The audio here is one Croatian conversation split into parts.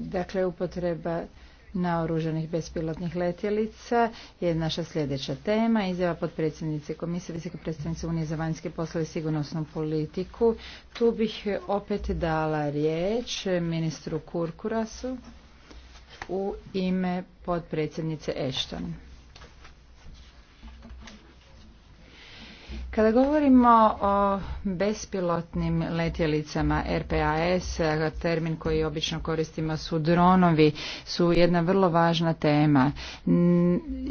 Dakle, upotreba naoružanih bespilotnih letjelica je naša sljedeća tema. Izjava potpredsjednice Komisije Visoke predstavnice Unije za vanjske poslove i sigurnosnu politiku. Tu bih opet dala riječ ministru Kurkurasu u ime potpredsjednice Ešton. Kada govorimo o bespilotnim letjelicama RPAS, termin koji obično koristimo su dronovi, su jedna vrlo važna tema.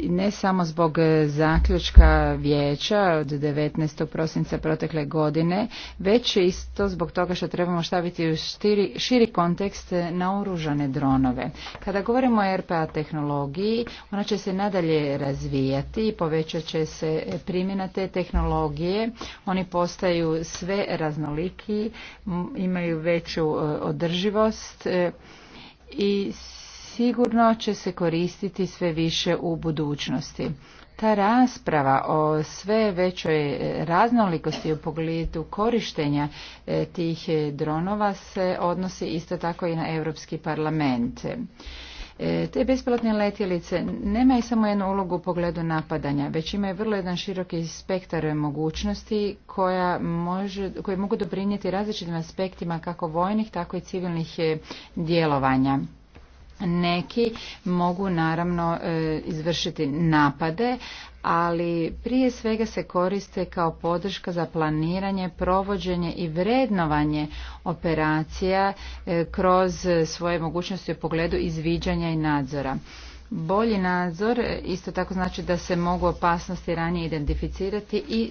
Ne samo zbog zaključka vijeća od 19. prosinca protekle godine, već isto zbog toga što trebamo staviti u širi kontekst naoružane dronove. Kada govorimo o RPA tehnologiji, ona će se nadalje razvijati i povećat će se primjena te tehnologije oni postaju sve raznoliki, imaju veću e, održivost e, i sigurno će se koristiti sve više u budućnosti. Ta rasprava o sve većoj e, raznolikosti u pogledu korištenja tih dronova se odnosi isto tako i na Europski parlament. E, te besplatne letjelice nemaju samo jednu ulogu u pogledu napadanja, već imaju vrlo jedan široki spektar mogućnosti koja može, koje mogu doprinijeti različitim aspektima kako vojnih, tako i civilnih e, djelovanja. Neki mogu naravno e, izvršiti napade, ali prije svega se koriste kao podrška za planiranje, provođenje i vrednovanje operacija e, kroz svoje mogućnosti u pogledu izviđanja i nadzora. Bolji nadzor isto tako znači da se mogu opasnosti ranije identificirati i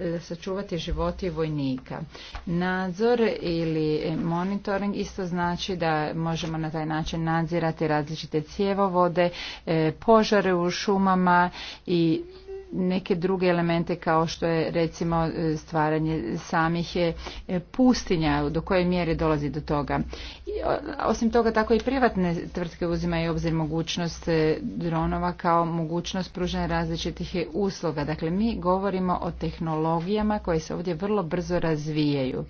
e, sačuvati životi vojnika. Nadzor ili e, monitoring isto znači da možemo na taj način nadzirati različite cjevovode, e, požare u šumama i neke druge elemente kao što je recimo e, stvaranje samih e, e, pustinja, do koje mjere dolazi do toga. osim toga tako i privatne tvrtke uzimaju obzir mogućnost dronova kao mogućnost pružanja različitih usluga. Dakle, mi govorimo o tehnologijama koje se ovdje vrlo brzo razvijaju.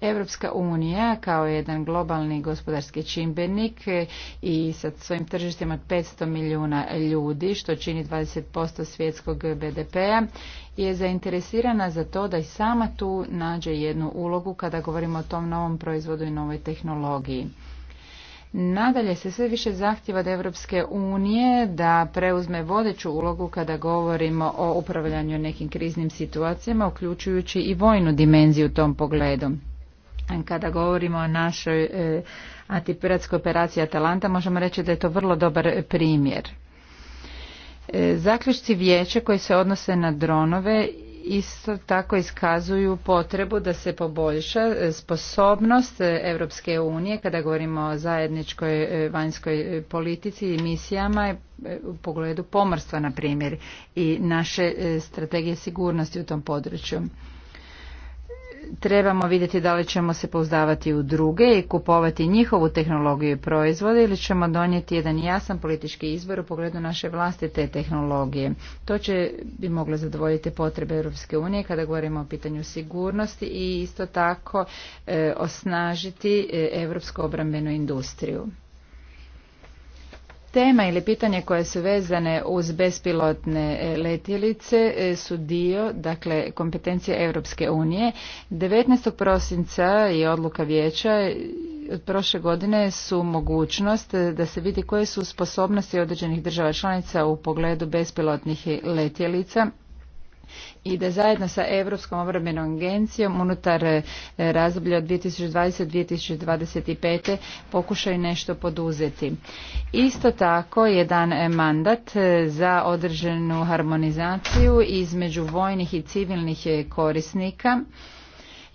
Europska unija kao jedan globalni gospodarski čimbenik i sa svojim tržištima od 500 milijuna ljudi, što čini 20% svjetskog BDP-a, je zainteresirana za to da i sama tu nađe jednu ulogu kada govorimo o tom novom proizvodu i novoj tehnologiji. Nadalje se sve više zahtjeva od Europske unije da preuzme vodeću ulogu kada govorimo o upravljanju nekim kriznim situacijama, uključujući i vojnu dimenziju u tom pogledu. Kada govorimo o našoj e, antipiratskoj operaciji Atalanta, možemo reći da je to vrlo dobar primjer. E, zaključci vijeća koji se odnose na dronove isto tako iskazuju potrebu da se poboljša e, sposobnost Europske unije kada govorimo o zajedničkoj vanjskoj politici i misijama u pogledu pomorstva na primjer i naše strategije sigurnosti u tom području trebamo vidjeti da li ćemo se pouzdavati u druge i kupovati njihovu tehnologiju i proizvode ili ćemo donijeti jedan jasan politički izbor u pogledu naše vlastite tehnologije. To će bi moglo zadovoljiti potrebe Europske unije kada govorimo o pitanju sigurnosti i isto tako e, osnažiti e, europsku obrambenu industriju. Tema ili pitanje koje su vezane uz bespilotne e, letjelice e, su dio, dakle, kompetencije Europske unije. 19. prosinca je odluka vijeća od prošle godine su mogućnost e, da se vidi koje su sposobnosti određenih država članica u pogledu bespilotnih letjelica i da zajedno sa Europskom obrambenom agencijom unutar e, razdoblja od 2020-2025 pokušaju nešto poduzeti. Isto tako je dan mandat e, za određenu harmonizaciju između vojnih i civilnih e, korisnika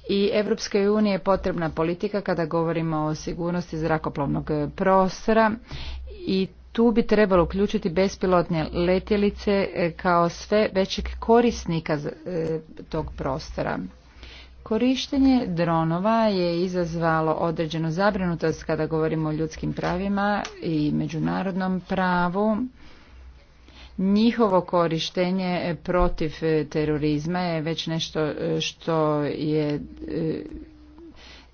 i Evropske unije je potrebna politika kada govorimo o sigurnosti zrakoplovnog prostora i tu bi trebalo uključiti bespilotne letjelice e, kao sve većeg korisnika e, tog prostora. Korištenje dronova je izazvalo određenu zabrinutost kada govorimo o ljudskim pravima i međunarodnom pravu. Njihovo korištenje protiv terorizma je već nešto e, što je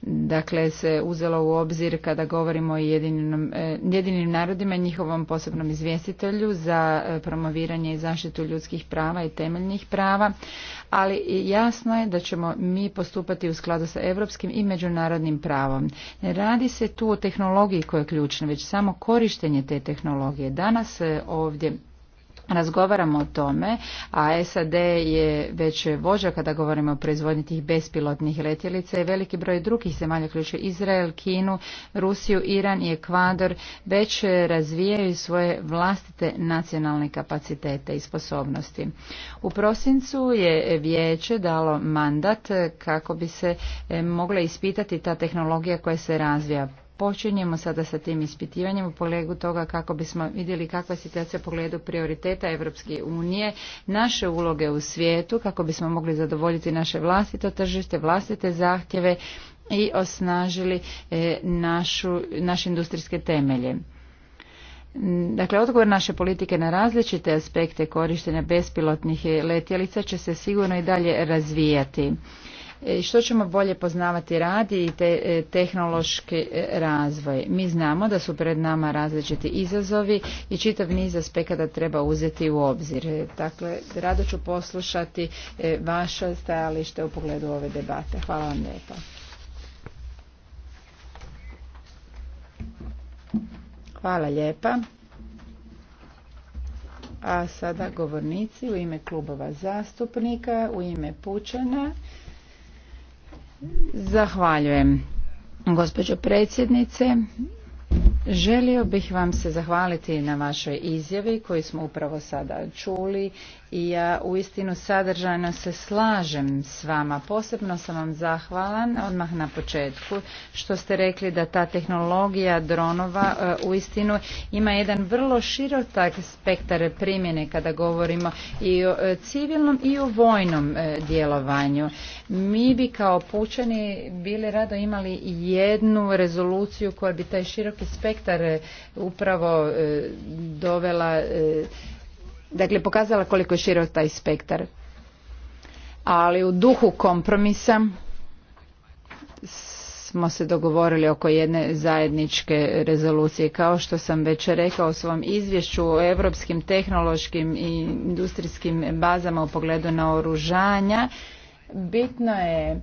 dakle se uzelo u obzir kada govorimo o jedinim, e, jedinim narodima i njihovom posebnom izvjestitelju za e, promoviranje i zaštitu ljudskih prava i temeljnih prava, ali jasno je da ćemo mi postupati u skladu sa europskim i međunarodnim pravom. Ne radi se tu o tehnologiji koja je ključna, već samo korištenje te tehnologije. Danas e, ovdje razgovaramo o tome, a SAD je već vođa kada govorimo o proizvodnji tih bespilotnih letjelica i veliki broj drugih zemalja, ključe Izrael, Kinu, Rusiju, Iran i Ekvador, već razvijaju svoje vlastite nacionalne kapacitete i sposobnosti. U prosincu je vijeće dalo mandat kako bi se e, mogla ispitati ta tehnologija koja se razvija Počinjemo sada sa tim ispitivanjem u polegu toga kako bismo vidjeli kakva je situacija u pogledu prioriteta Europske unije, naše uloge u svijetu, kako bismo mogli zadovoljiti naše vlastito tržište, vlastite zahtjeve i osnažili e, našu, naše industrijske temelje. Dakle, odgovor naše politike na različite aspekte korištenja bespilotnih letjelica će se sigurno i dalje razvijati. E, što ćemo bolje poznavati rad i te, e, tehnološki e, razvoj. Mi znamo da su pred nama različiti izazovi i čitav niz aspekata treba uzeti u obzir. Dakle, rado ću poslušati vaša stajalište u pogledu ove debate. Hvala vam lijepo Hvala lijepa. A sada govornici u ime klubova zastupnika, u ime Pučana. Zahvaljujem. Gospođo predsjednice, želio bih vam se zahvaliti na vašoj izjavi koju smo upravo sada čuli i ja istinu sadržajno se slažem s vama. Posebno sam vam zahvalan odmah na početku što ste rekli da ta tehnologija dronova e, u istinu ima jedan vrlo širotak spektar primjene kada govorimo i o e, civilnom i o vojnom e, djelovanju. Mi bi kao pučani bili rado imali jednu rezoluciju koja bi taj široki spektar upravo dovela dakle pokazala koliko je širok taj spektar ali u duhu kompromisa smo se dogovorili oko jedne zajedničke rezolucije. Kao što sam već rekao u svom izvješću o europskim tehnološkim i industrijskim bazama u pogledu na oružanja, bitno je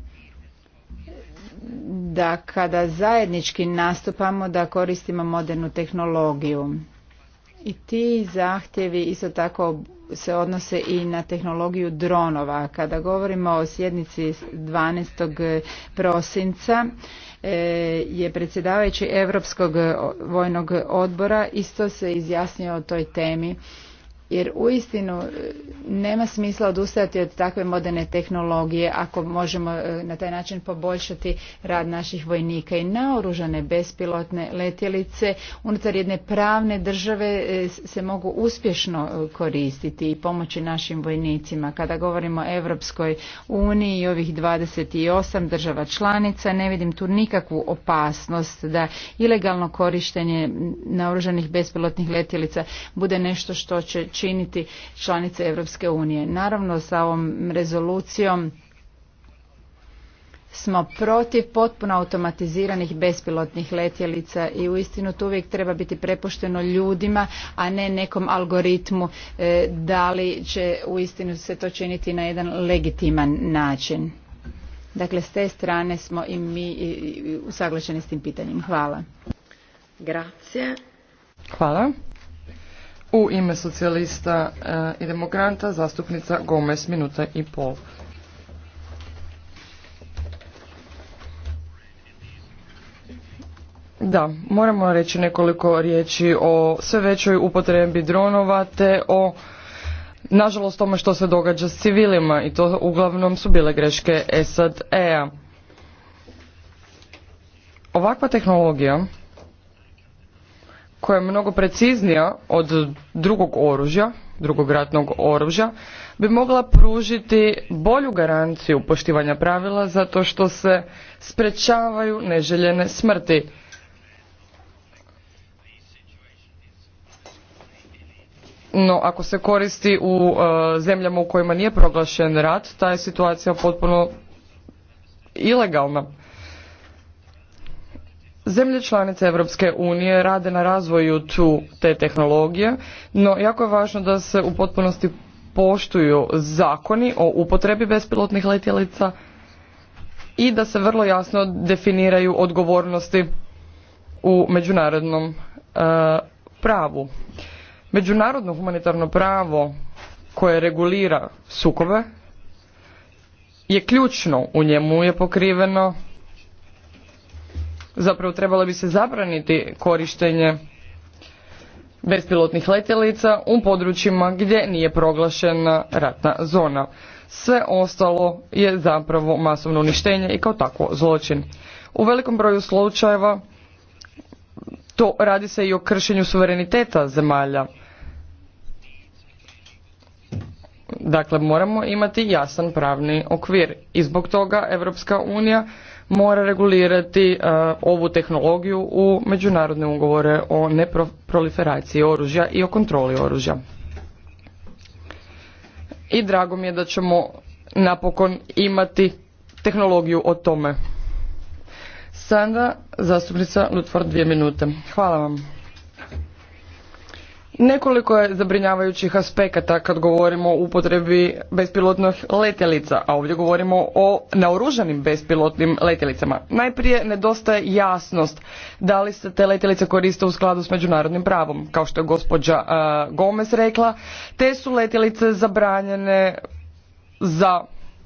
da kada zajednički nastupamo da koristimo modernu tehnologiju. I ti zahtjevi isto tako se odnose i na tehnologiju dronova. Kada govorimo o sjednici 12. prosinca e, je predsjedavajući Europskog vojnog odbora isto se izjasnio o toj temi jer uistinu e, nema smisla odustajati od takve moderne tehnologije ako možemo e, na taj način poboljšati rad naših vojnika i naoružane bespilotne letjelice unutar jedne pravne države e, se mogu uspješno koristiti i pomoći našim vojnicima. Kada govorimo o Europskoj uniji i ovih 28 država članica ne vidim tu nikakvu opasnost da ilegalno korištenje naoružanih bespilotnih letjelica bude nešto što će činiti članice Europske unije. Naravno, sa ovom rezolucijom smo protiv potpuno automatiziranih bespilotnih letjelica i uistinu to uvijek treba biti prepušteno ljudima, a ne nekom algoritmu e, da li će uistinu se to činiti na jedan legitiman način. Dakle, s te strane smo i mi usaglašeni s tim pitanjem. Hvala. Grazie. Hvala. U ime socijalista eh, i demokranta zastupnica Gomez minuta i pol. Da, moramo reći nekoliko riječi o sve većoj upotrebi dronova te o nažalost tome što se događa s civilima i to uglavnom su bile greške SAD-a. Ovakva tehnologija koja je mnogo preciznija od drugog oružja, drugog ratnog oružja, bi mogla pružiti bolju garanciju poštivanja pravila zato što se sprečavaju neželjene smrti. No, ako se koristi u e, zemljama u kojima nije proglašen rat, ta je situacija potpuno ilegalna. Zemlje članice Europske unije rade na razvoju tu te tehnologije, no jako je važno da se u potpunosti poštuju zakoni o upotrebi bespilotnih letjelica i da se vrlo jasno definiraju odgovornosti u međunarodnom e, pravu. Međunarodno humanitarno pravo koje regulira sukobe je ključno, u njemu je pokriveno zapravo trebalo bi se zabraniti korištenje bespilotnih letjelica u područjima gdje nije proglašena ratna zona. Sve ostalo je zapravo masovno uništenje i kao takvo zločin. U velikom broju slučajeva to radi se i o kršenju suvereniteta zemalja Dakle, moramo imati jasan pravni okvir i zbog toga Europska unija mora regulirati e, ovu tehnologiju u međunarodne ugovore o neproliferaciji oružja i o kontroli oružja. I drago mi je da ćemo napokon imati tehnologiju o tome. Sanda, zastupnica Lutvor dvije minute. Hvala vam. Nekoliko je zabrinjavajućih aspekata kad govorimo o upotrebi bespilotnih letjelica, a ovdje govorimo o naoružanim bespilotnim letjelicama. Najprije nedostaje jasnost da li se te letjelice koriste u skladu s međunarodnim pravom, kao što je gospođa e, Gomez rekla, te su letjelice zabranjene za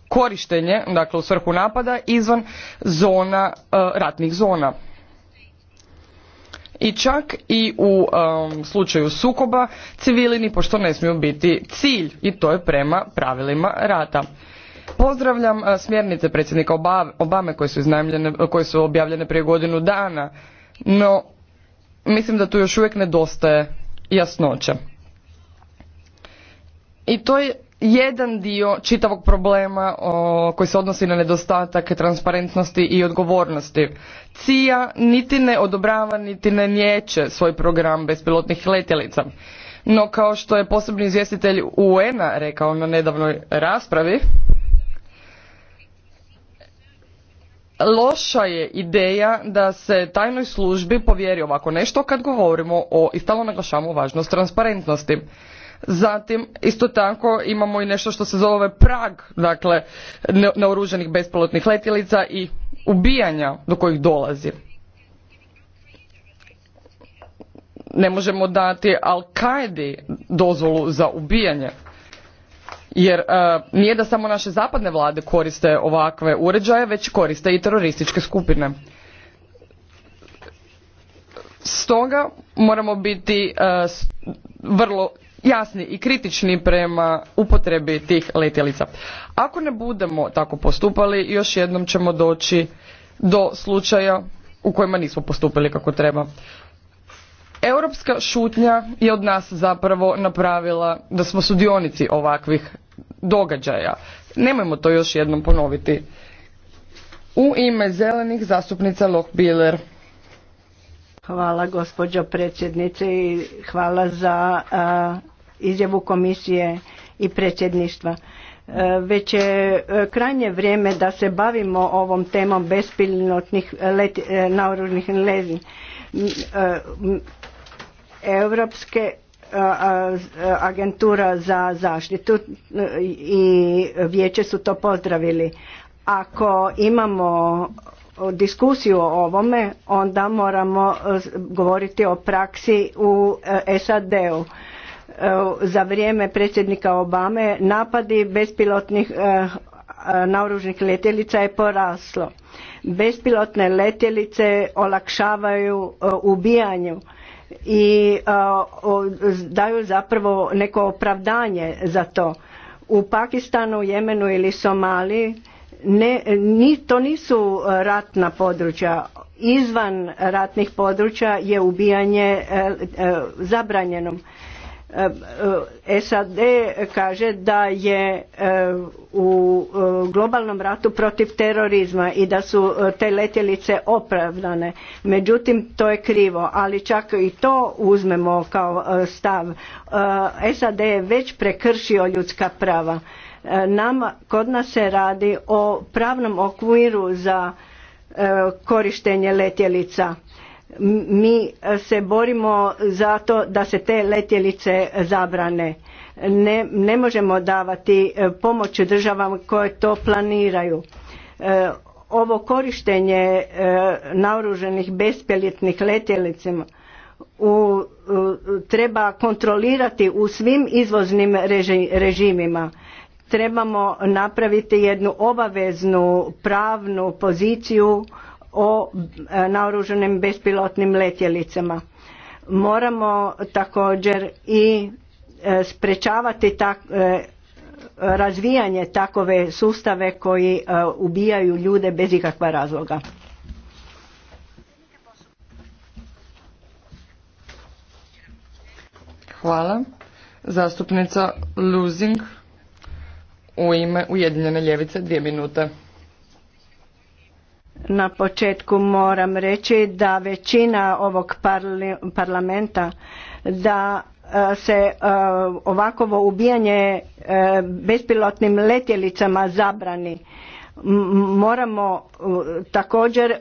korištenje, dakle u svrhu napada, izvan zona, e, ratnih zona i čak i u um, slučaju sukoba civili ni pošto ne smiju biti cilj i to je prema pravilima rata. Pozdravljam uh, smjernice predsjednika Obame koje su, uh, koje su objavljene prije godinu dana, no mislim da tu još uvijek nedostaje jasnoća. I to je jedan dio čitavog problema koji se odnosi na nedostatak transparentnosti i odgovornosti. CIA niti ne odobrava niti ne niječe svoj program bespilotnih letjelica. No kao što je posebni izvjestitelj UN-a rekao na nedavnoj raspravi, loša je ideja da se tajnoj službi povjeri ovako nešto kad govorimo o i stalno naglašavamo važnost transparentnosti. Zatim, isto tako imamo i nešto što se zove prag, dakle, naoruženih bespilotnih letjelica i ubijanja do kojih dolazi. Ne možemo dati Al-Kaidi dozvolu za ubijanje. Jer e, nije da samo naše zapadne vlade koriste ovakve uređaje, već koriste i terorističke skupine. Stoga moramo biti e, vrlo jasni i kritični prema upotrebi tih letjelica. Ako ne budemo tako postupali, još jednom ćemo doći do slučaja u kojima nismo postupili kako treba. Europska šutnja je od nas zapravo napravila da smo sudionici ovakvih događaja. Nemojmo to još jednom ponoviti. U ime zelenih zastupnica Loh Biller. Hvala gospođo predsjednice i hvala za izjavu komisije i predsjedništva. E, već je e, krajnje vrijeme da se bavimo ovom temom bespilnotnih e, naoružnih lezi. Europske agentura za zaštitu i vijeće su to pozdravili. Ako imamo diskusiju o ovome, onda moramo e, govoriti o praksi u e, SAD-u. E, za vrijeme predsjednika Obame napadi bespilotnih naoružnih letjelica je poraslo. Bespilotne letjelice olakšavaju ubijanju i daju zapravo neko opravdanje za to. U Pakistanu, Jemenu ili Somaliji ne, to nisu ratna područja. Izvan ratnih područja je ubijanje e, e zabranjeno. E, e, SAD kaže da je u globalnom ratu protiv terorizma i da su te letjelice opravdane. Međutim, to je krivo, ali čak i to uzmemo kao stav. SAD je već prekršio ljudska prava E, nama, kod nas se radi o pravnom okviru za e, korištenje letjelica. Mi se borimo za to da se te letjelice zabrane. Ne, možemo davati e, pomoć državama koje to planiraju. Ovo korištenje naoruženih bespilotnih letjelica u, treba kontrolirati u svim izvoznim režimima trebamo napraviti jednu obaveznu pravnu poziciju o e, naoružanim bespilotnim letjelicama. Moramo također i e, sprečavati tak, e, razvijanje takove sustave koji ubijaju ljude bez ikakva razloga. Hvala. Zastupnica Luzing u ime Ujedinjene ljevice dvije Na početku moram reći da većina ovog parlamenta da e, se e, ovakovo ubijanje e, bespilotnim letjelicama zabrani. Moramo također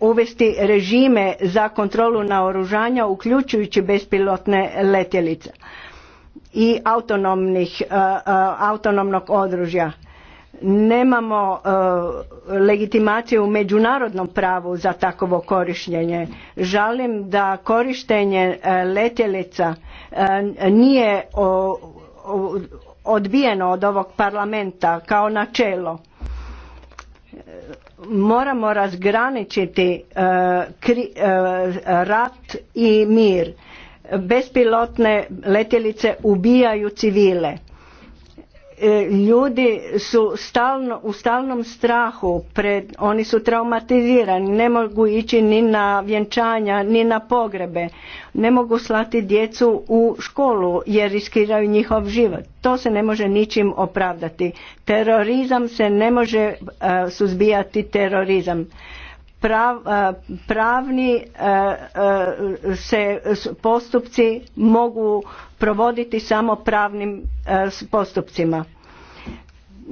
uvesti režime za kontrolu naoružanja uključujući bespilotne letjelice i autonomnih, e, e, autonomnog odružja. Nemamo e, legitimaciju u međunarodnom pravu za takovo korištenje. Žalim da korištenje letjelica nije odbijeno od ovog parlamenta kao načelo. Moramo razgraničiti rat i mir bespilotne letjelice ubijaju civile e, ljudi su stalno, u stalnom strahu, pred, oni su traumatizirani, ne mogu ići ni na vjenčanja, ni na pogrebe, ne mogu slati djecu u školu jer riskiraju njihov život. To se ne može ničim opravdati. Terorizam se ne može e, suzbijati terorizam E, pravni e, e, se postupci mogu provoditi samo pravnim postupcima.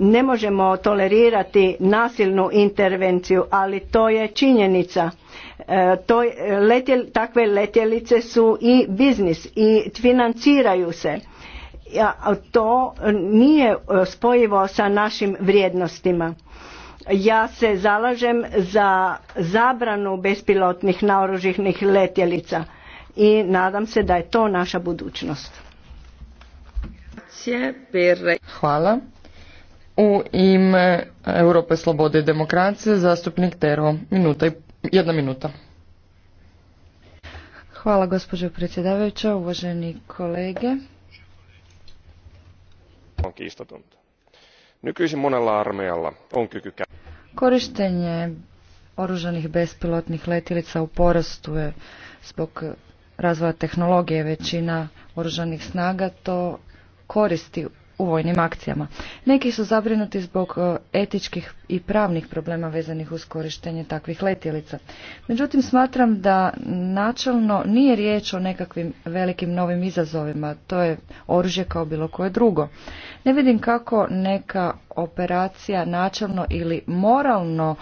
Ne možemo tolerirati nasilnu intervenciju, ali to je činjenica. takve letjelice su i biznis i financiraju se. To nije spojivo sa našim vrijednostima ja se zalažem za zabranu bespilotnih naoružihnih letjelica i nadam se da je to naša budućnost. Hvala. U ime Europe slobode i demokracije zastupnik Tervo. Minuta i jedna minuta. Hvala gospođo predsjedavajuća, uvaženi kolege nykyisin monella armeijalla on kyky Korištenje oružanih bespilotnih letilica u porastu je zbog razvoja tehnologije većina oružanih snaga to koristi u vojnim akcijama. Neki su zabrinuti zbog e, etičkih i pravnih problema vezanih uz korištenje takvih letjelica. Međutim, smatram da načelno nije riječ o nekakvim velikim novim izazovima, to je oružje kao bilo koje drugo. Ne vidim kako neka operacija načelno ili moralno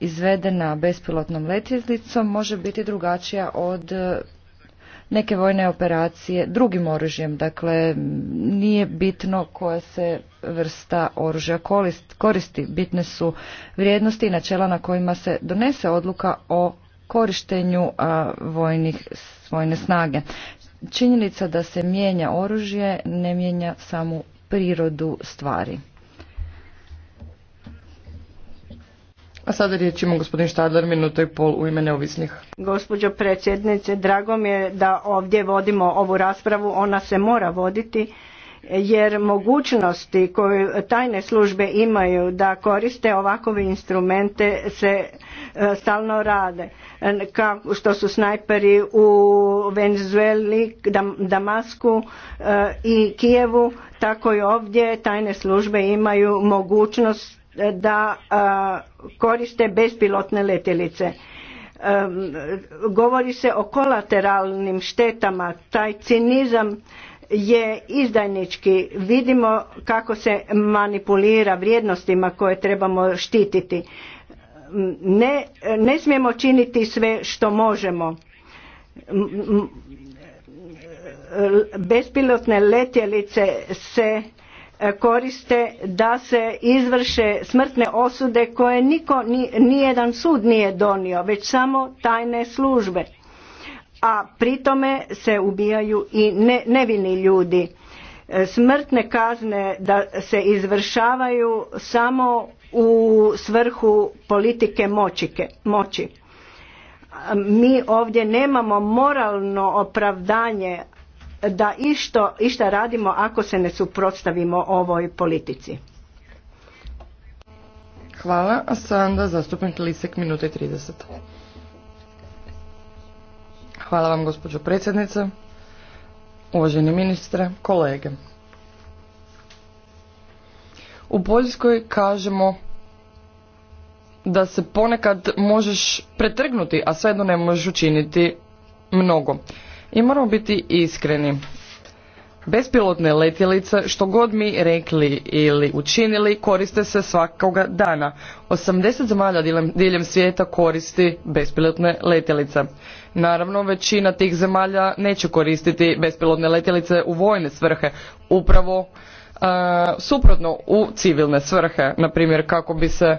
izvedena bespilotnom letjelicom može biti drugačija od e, neke vojne operacije drugim oružjem. Dakle, nije bitno koja se vrsta oružja koristi. Bitne su vrijednosti i načela na kojima se donese odluka o korištenju vojnih, vojne snage. Činjenica da se mijenja oružje ne mijenja samu prirodu stvari. A sada riječ ima gospodin Štadler, minuto i pol u ime neovisnih. Gospođo predsjednice, drago mi je da ovdje vodimo ovu raspravu, ona se mora voditi jer mogućnosti koje tajne službe imaju da koriste ovakove instrumente se e, stalno rade kao što su snajperi u Venezueli, Damasku e, i Kijevu, tako i ovdje tajne službe imaju mogućnost da koriste bespilotne letjelice. Govori se o kolateralnim štetama, taj cinizam je izdajnički. Vidimo kako se manipulira vrijednostima koje trebamo štititi. Ne, ne smijemo činiti sve što možemo. Bespilotne letjelice se E, koriste da se izvrše smrtne osude koje niko, nijedan sud nije donio, već samo tajne službe. A pritome se ubijaju i ne, nevini ljudi. E, smrtne kazne da se izvršavaju samo u svrhu politike moći mi ovdje nemamo moralno opravdanje da išto, išta radimo ako se ne suprotstavimo ovoj politici. Hvala, a sada zastupnik Lisek, minuta i 30. Hvala vam, gospođo predsjednice, uvaženi ministre, kolege. U Poljskoj kažemo da se ponekad možeš pretrgnuti, a svejedno ne možeš učiniti mnogo. I moramo biti iskreni. Bespilotne letjelice, što god mi rekli ili učinili, koriste se svakoga dana. 80 zemalja diljem svijeta koristi bespilotne letjelice. Naravno, većina tih zemalja neće koristiti bespilotne letjelice u vojne svrhe, upravo suprotno u civilne svrhe, na primjer kako bi se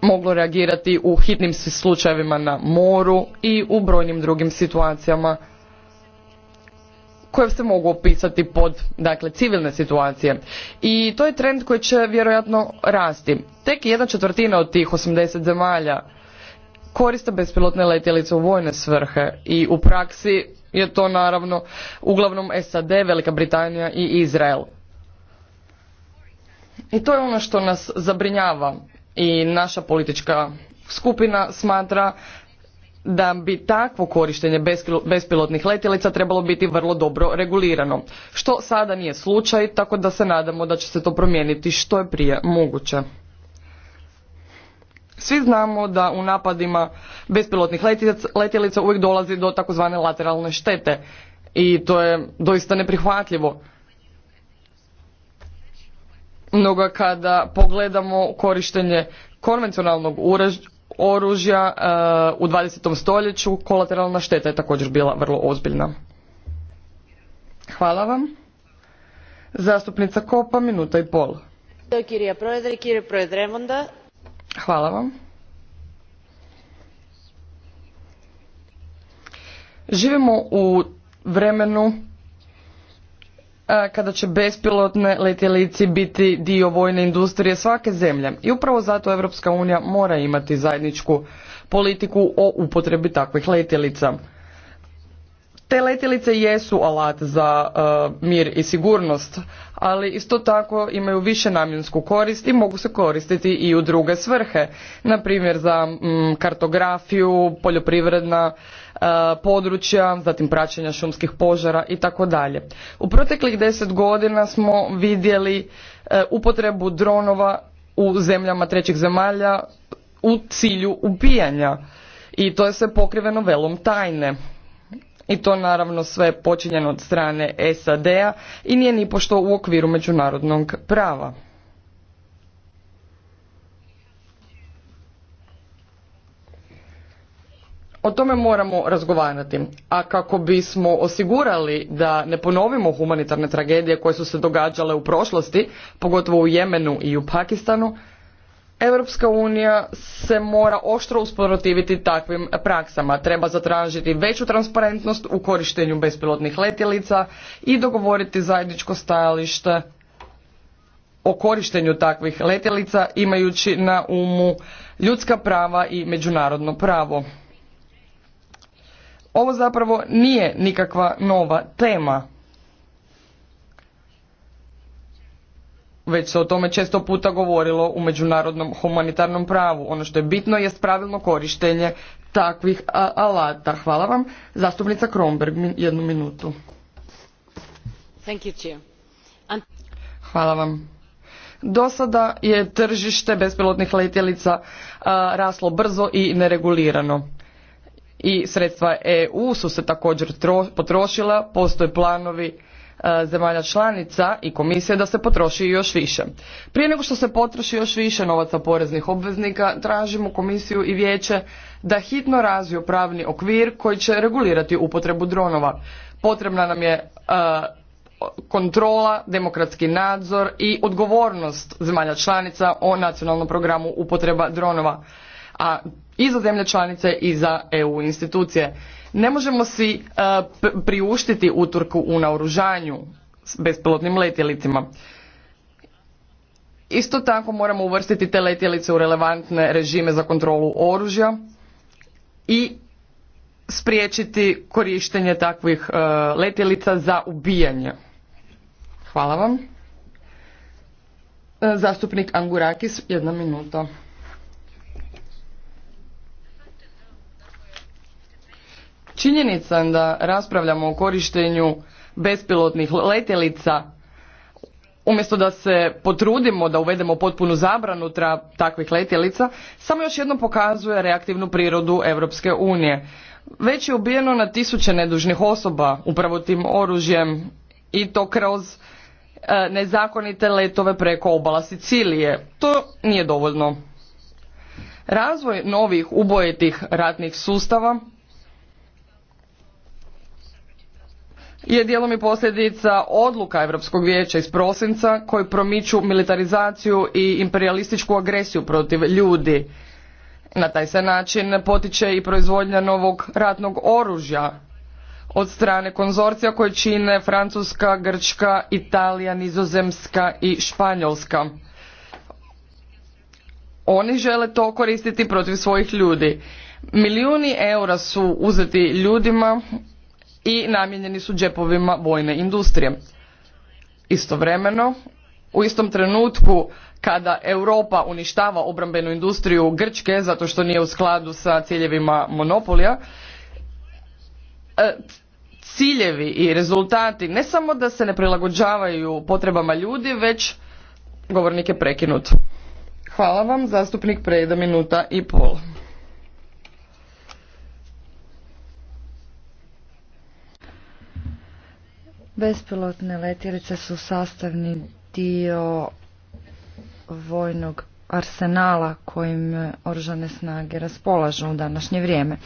moglo reagirati u hitnim slučajevima na moru i u brojnim drugim situacijama koje se mogu opisati pod dakle, civilne situacije. I to je trend koji će vjerojatno rasti. Tek jedna četvrtina od tih 80 zemalja koriste bespilotne letjelice u vojne svrhe i u praksi je to naravno uglavnom SAD, Velika Britanija i Izrael. I to je ono što nas zabrinjava i naša politička skupina smatra da bi takvo korištenje bespilotnih letjelica trebalo biti vrlo dobro regulirano što sada nije slučaj tako da se nadamo da će se to promijeniti što je prije moguće svi znamo da u napadima bespilotnih letjelica uvijek dolazi do takozvane lateralne štete i to je doista neprihvatljivo mnogo kada pogledamo korištenje konvencionalnog oružja e, u 20. stoljeću, kolateralna šteta je također bila vrlo ozbiljna. Hvala vam. Zastupnica Kopa, minuta i pol. Hvala vam. Živimo u vremenu kada će bespilotne letjelice biti dio vojne industrije svake zemlje. I upravo zato Europska unija mora imati zajedničku politiku o upotrebi takvih letjelica. Te letjelice jesu alat za e, mir i sigurnost, ali isto tako imaju više namjensku korist i mogu se koristiti i u druge svrhe, na primjer za mm, kartografiju, poljoprivredna e, područja, zatim praćenja šumskih požara i tako dalje. U proteklih deset godina smo vidjeli e, upotrebu dronova u zemljama trećih zemalja u cilju upijanja i to je sve pokriveno velom tajne i to naravno sve počinjeno od strane SAD-a i nije ni pošto u okviru međunarodnog prava. O tome moramo razgovarati, a kako bismo osigurali da ne ponovimo humanitarne tragedije koje su se događale u prošlosti, pogotovo u Jemenu i u Pakistanu, Europska unija se mora oštro usprotiviti takvim praksama. Treba zatražiti veću transparentnost u korištenju bespilotnih letjelica i dogovoriti zajedničko stajalište o korištenju takvih letjelica imajući na umu ljudska prava i međunarodno pravo. Ovo zapravo nije nikakva nova tema. Već se o tome često puta govorilo u međunarodnom humanitarnom pravu. Ono što je bitno je pravilno korištenje takvih alata. Hvala vam. Zastupnica Kromberg, jednu minutu. Hvala vam. Do sada je tržište bespilotnih letjelica raslo brzo i neregulirano. I sredstva EU su se također potrošila, postoje planovi E, zemalja članica i komisije da se potroši još više. Prije nego što se potroši još više novaca poreznih obveznika, tražimo komisiju i vijeće da hitno razviju pravni okvir koji će regulirati upotrebu dronova. Potrebna nam je e, kontrola, demokratski nadzor i odgovornost zemalja članica o nacionalnom programu upotreba dronova, a i za zemlje članice i za EU institucije. Ne možemo si e, priuštiti utrku u naoružanju s bespilotnim letjelicima. Isto tako moramo uvrstiti te letjelice u relevantne režime za kontrolu oružja i spriječiti korištenje takvih e, letjelica za ubijanje. Hvala vam. E, zastupnik Angurakis, jedna minuta. Činjenica da raspravljamo o korištenju bespilotnih letjelica umjesto da se potrudimo da uvedemo potpunu zabranu takvih letjelica, samo još jednom pokazuje reaktivnu prirodu Europske unije. Već je ubijeno na tisuće nedužnih osoba upravo tim oružjem i to kroz e, nezakonite letove preko obala Sicilije. To nije dovoljno. Razvoj novih ubojitih ratnih sustava je dijelom i posljedica odluka Europskog vijeća iz prosinca koji promiču militarizaciju i imperialističku agresiju protiv ljudi. Na taj se način potiče i proizvodnja novog ratnog oružja od strane konzorcija koje čine Francuska, Grčka, Italija, Nizozemska i Španjolska. Oni žele to koristiti protiv svojih ljudi. Milijuni eura su uzeti ljudima i namijenjeni su džepovima vojne industrije. Istovremeno, u istom trenutku kada Europa uništava obrambenu industriju Grčke zato što nije u skladu sa ciljevima monopolija, e, ciljevi i rezultati ne samo da se ne prilagođavaju potrebama ljudi, već govornik je prekinut. Hvala vam, zastupnik Preda, minuta i pol. Bespilotne letjelice su sastavni dio vojnog arsenala kojim oružane snage raspolažu u današnje vrijeme.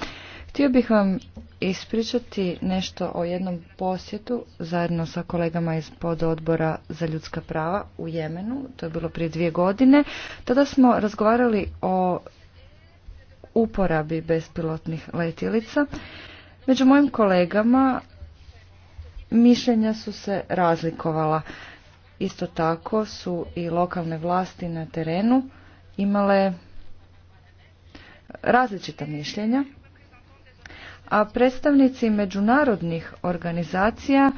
Htio bih vam ispričati nešto o jednom posjetu zajedno sa kolegama iz pododbora za ljudska prava u Jemenu. To je bilo prije dvije godine. Tada smo razgovarali o uporabi bespilotnih letjelica. Među mojim kolegama mišljenja su se razlikovala. Isto tako su i lokalne vlasti na terenu imale različita mišljenja, a predstavnici međunarodnih organizacija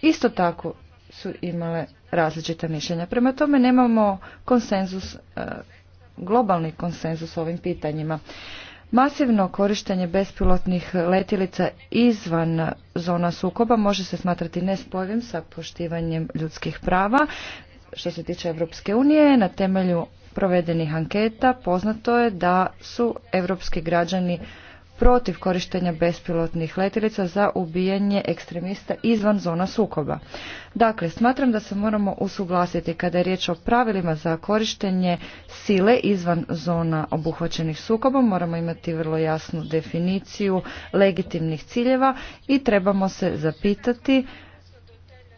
isto tako su imale različita mišljenja. Prema tome nemamo konsenzus, e, globalni konsenzus o ovim pitanjima. Masivno korištenje bespilotnih letjelica izvan zona sukoba može se smatrati nespojivim sa poštivanjem ljudskih prava. Što se tiče Europske unije, na temelju provedenih anketa poznato je da su europski građani protiv korištenja bespilotnih letjelica za ubijanje ekstremista izvan zona sukoba. Dakle, smatram da se moramo usuglasiti kada je riječ o pravilima za korištenje sile izvan zona obuhvaćenih sukobom, moramo imati vrlo jasnu definiciju legitimnih ciljeva i trebamo se zapitati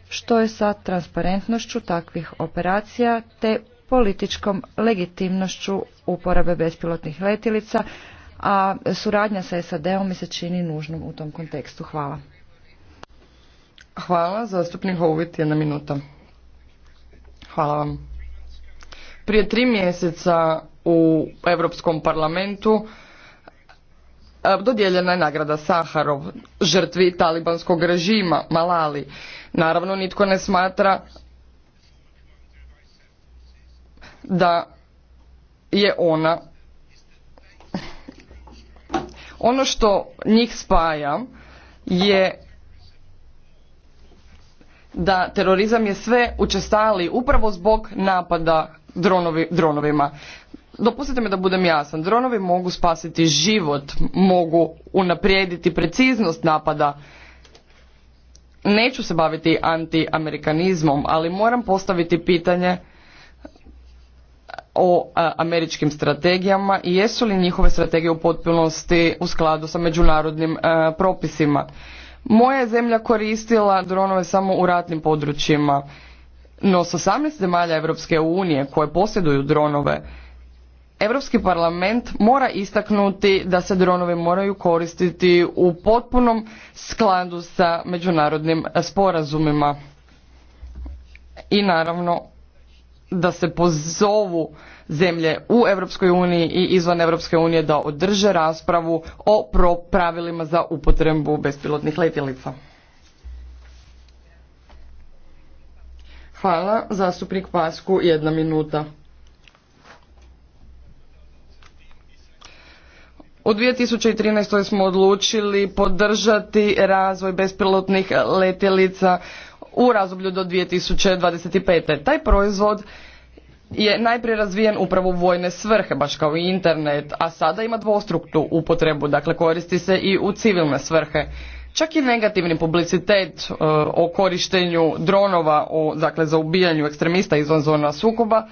što je sa transparentnošću takvih operacija te političkom legitimnošću uporabe bespilotnih letjelica a suradnja sa SAD-om mi se čini nužnom u tom kontekstu. Hvala. Hvala, zastupnik Hovit, jedna minuta. Hvala vam. Prije tri mjeseca u Europskom parlamentu e, dodijeljena je nagrada Saharov, žrtvi talibanskog režima, Malali. Naravno, nitko ne smatra da je ona ono što njih spaja je da terorizam je sve učestali upravo zbog napada dronovima. Dopustite me da budem jasan. Dronovi mogu spasiti život, mogu unaprijediti preciznost napada. Neću se baviti antiamerikanizmom, ali moram postaviti pitanje o e, američkim strategijama i jesu li njihove strategije u potpunosti u skladu sa međunarodnim e, propisima. Moja je zemlja koristila dronove samo u ratnim područjima, no s 18 zemalja Evropske unije koje posjeduju dronove, Europski parlament mora istaknuti da se dronovi moraju koristiti u potpunom skladu sa međunarodnim e, sporazumima i naravno da se pozovu zemlje u Europskoj uniji i izvan Europske unije da održe raspravu o pravilima za upotrebu bespilotnih letjelica. Hvala. Zastupnik Pasku, jedna minuta. U 2013. smo odlučili podržati razvoj bespilotnih letjelica u razdoblju do 2025. Taj proizvod je najprije razvijen upravo u vojne svrhe, baš kao i internet, a sada ima dvostruktu upotrebu, dakle koristi se i u civilne svrhe. Čak i negativni publicitet e, o korištenju dronova, dakle za ubijanju ekstremista izvan zona sukoba,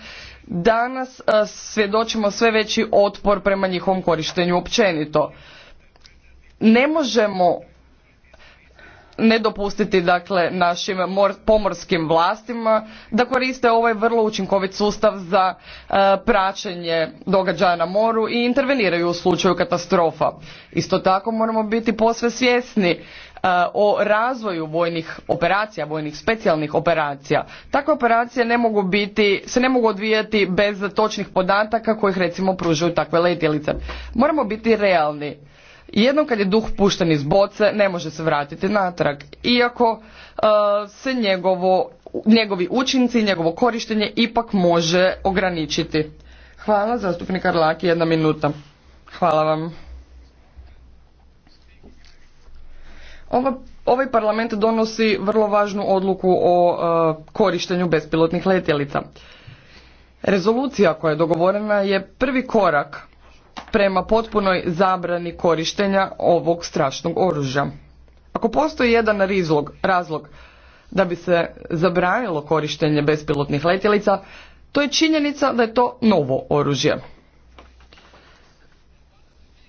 danas e, svjedočimo sve veći otpor prema njihovom korištenju općenito. Ne možemo ne dopustiti dakle našim pomorskim vlastima da koriste ovaj vrlo učinkovit sustav za e, praćenje događaja na moru i interveniraju u slučaju katastrofa. Isto tako moramo biti posve svjesni e, o razvoju vojnih operacija, vojnih specijalnih operacija. Takve operacije ne mogu biti, se ne mogu odvijati bez točnih podataka kojih recimo pružaju takve letjelice. Moramo biti realni Jednom kad je duh pušten iz boce, ne može se vratiti natrag, iako uh, se njegovo, njegovi učinci i njegovo korištenje ipak može ograničiti. Hvala, zastupnik Arlaki, jedna minuta. Hvala vam. ovaj parlament donosi vrlo važnu odluku o uh, korištenju bespilotnih letjelica. Rezolucija koja je dogovorena je prvi korak prema potpunoj zabrani korištenja ovog strašnog oružja. Ako postoji jedan razlog da bi se zabranilo korištenje bespilotnih letjelica, to je činjenica da je to novo oružje.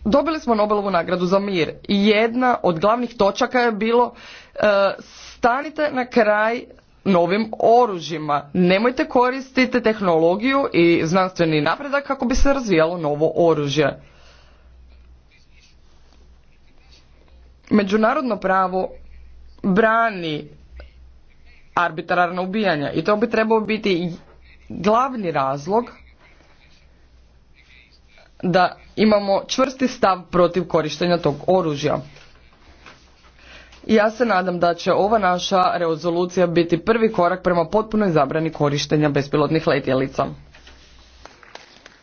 Dobili smo Nobelovu nagradu za mir i jedna od glavnih točaka je bilo e, stanite na kraj novim oružjima. Nemojte koristiti tehnologiju i znanstveni napredak kako bi se razvijalo novo oružje. Međunarodno pravo brani arbitrarno ubijanja i to bi trebao biti glavni razlog da imamo čvrsti stav protiv korištenja tog oružja. I ja se nadam da će ova naša rezolucija biti prvi korak prema potpunoj zabrani korištenja bespilotnih letjelica.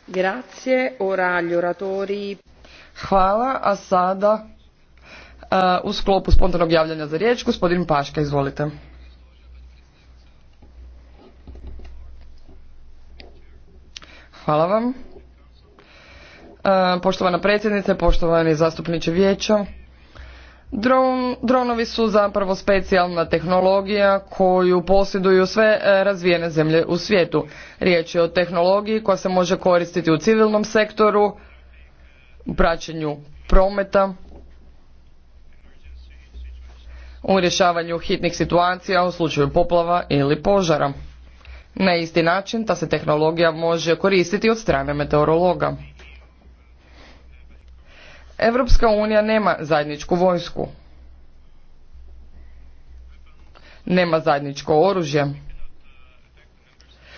Grazie, ora oratori. Hvala, a sada eh, u sklopu spontanog javljanja za riječ, gospodin Paška, izvolite. Hvala vam. Eh, poštovana predsjednice, poštovani zastupniče vijeća, dronovi su zapravo specijalna tehnologija koju posjeduju sve e, razvijene zemlje u svijetu. Riječ je o tehnologiji koja se može koristiti u civilnom sektoru, u praćenju prometa, u rješavanju hitnih situacija u slučaju poplava ili požara. Na isti način ta se tehnologija može koristiti od strane meteorologa. Europska unija nema zajedničku vojsku. Nema zajedničko oružje.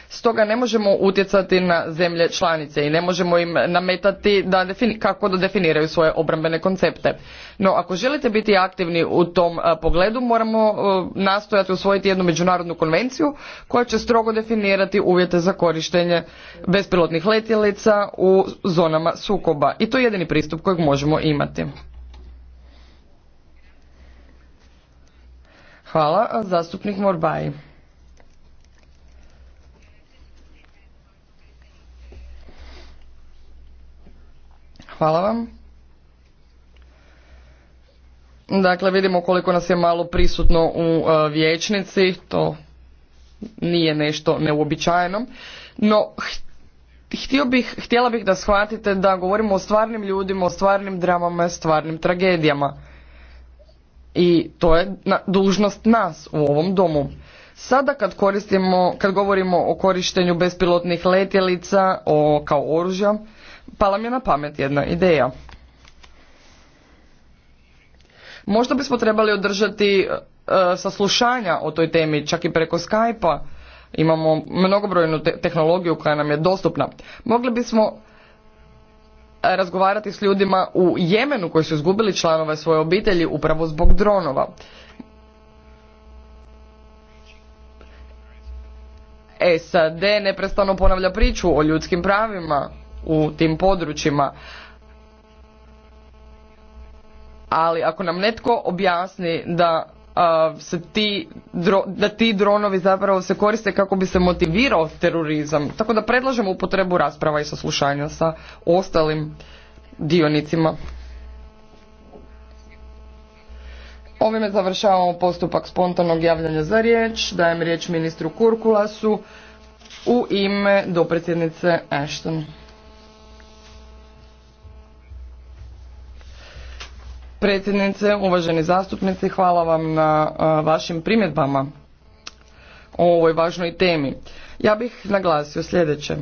Stoga ne možemo utjecati na zemlje članice i ne možemo im nametati da kako da definiraju svoje obrambene koncepte. No ako želite biti aktivni u tom pogledu moramo e, nastojati usvojiti jednu međunarodnu konvenciju koja će strogo definirati uvjete za korištenje bespilotnih letjelica u zonama sukoba i to je jedini pristup kojeg možemo imati. Hvala, zastupnik Morbaji. Hvala vam. Dakle, vidimo koliko nas je malo prisutno u e, vječnici, to nije nešto neuobičajeno, no htio bih, htjela bih da shvatite da govorimo o stvarnim ljudima, o stvarnim dramama, stvarnim tragedijama. I to je dužnost nas u ovom domu. Sada kad koristimo, kad govorimo o korištenju bespilotnih letjelica o, kao oružja, pala mi je na pamet jedna ideja. Možda bismo trebali održati e, saslušanja o toj temi, čak i preko Skype-a. Imamo mnogobrojnu tehnologiju koja nam je dostupna. Mogli bismo e, razgovarati s ljudima u Jemenu koji su izgubili članove svoje obitelji upravo zbog dronova. SAD neprestano ponavlja priču o ljudskim pravima u tim područjima. Ali ako nam netko objasni da se ti, da ti dronovi zapravo se koriste kako bi se motivirao terorizam. Tako da predlažemo upotrebu rasprava i saslušanja sa ostalim dionicima. Ovime završavamo postupak spontanog javljanja za riječ. Dajem riječ ministru Kurkulasu u ime dopredsjednice Ashton. predsjednice, uvaženi zastupnici, hvala vam na vašim primjedbama o ovoj važnoj temi. Ja bih naglasio sljedeće.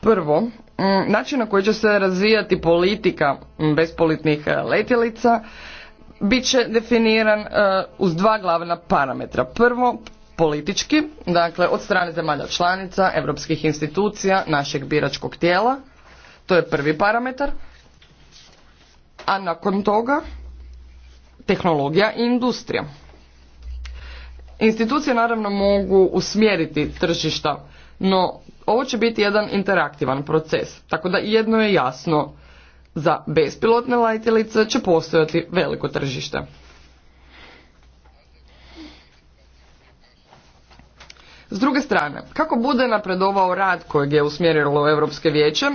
Prvo, način na koji će se razvijati politika bespolitnih e, letjelica bit će definiran e, uz dva glavna parametra. Prvo, politički, dakle od strane zemalja članica, europskih institucija, našeg biračkog tijela – to je prvi parametar. A nakon toga tehnologija i industrija. Institucije naravno mogu usmjeriti tržišta, no ovo će biti jedan interaktivan proces. Tako da jedno je jasno, za bespilotne lajtelice će postojati veliko tržište. S druge strane, kako bude napredovao rad kojeg je usmjerilo Europske vijeće, e,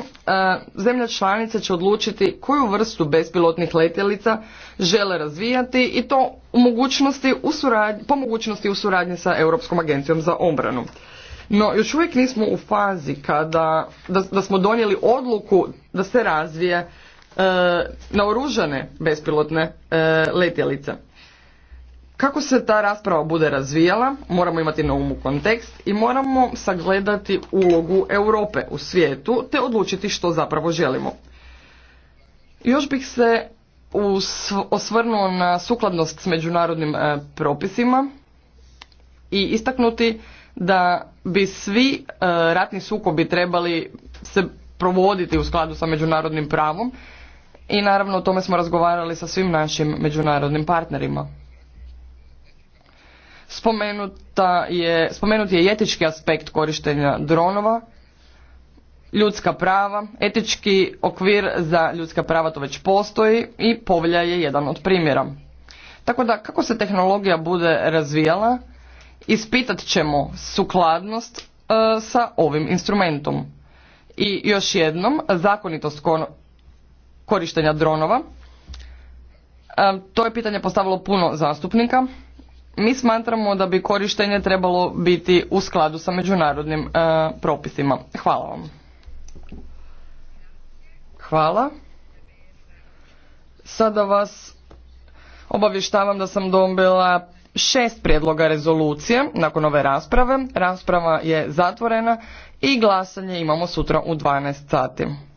zemlja članica će odlučiti koju vrstu bespilotnih letjelica žele razvijati i to u mogućnosti u po mogućnosti u suradnji sa Europskom agencijom za obranu. No, još uvijek nismo u fazi kada da, smo donijeli odluku da se razvije na e, naoružane bespilotne e, letjelice. Kako se ta rasprava bude razvijala, moramo imati na umu kontekst i moramo sagledati ulogu Europe u svijetu te odlučiti što zapravo želimo. Još bih se osvrnuo na sukladnost s međunarodnim e, propisima i istaknuti da bi svi e, ratni sukobi trebali se provoditi u skladu sa međunarodnim pravom i naravno o tome smo razgovarali sa svim našim međunarodnim partnerima. Spomenuta je, spomenut je i etički aspekt korištenja dronova, ljudska prava, etički okvir za ljudska prava to već postoji i Povlja je jedan od primjera. Tako da kako se tehnologija bude razvijala, ispitat ćemo sukladnost e, sa ovim instrumentom. I još jednom, zakonitost korištenja dronova. E, to je pitanje postavilo puno zastupnika mi smatramo da bi korištenje trebalo biti u skladu sa međunarodnim e, propisima. Hvala vam. Hvala. Sada vas obavještavam da sam dobila šest prijedloga rezolucije nakon ove rasprave. Rasprava je zatvorena i glasanje imamo sutra u 12 sati.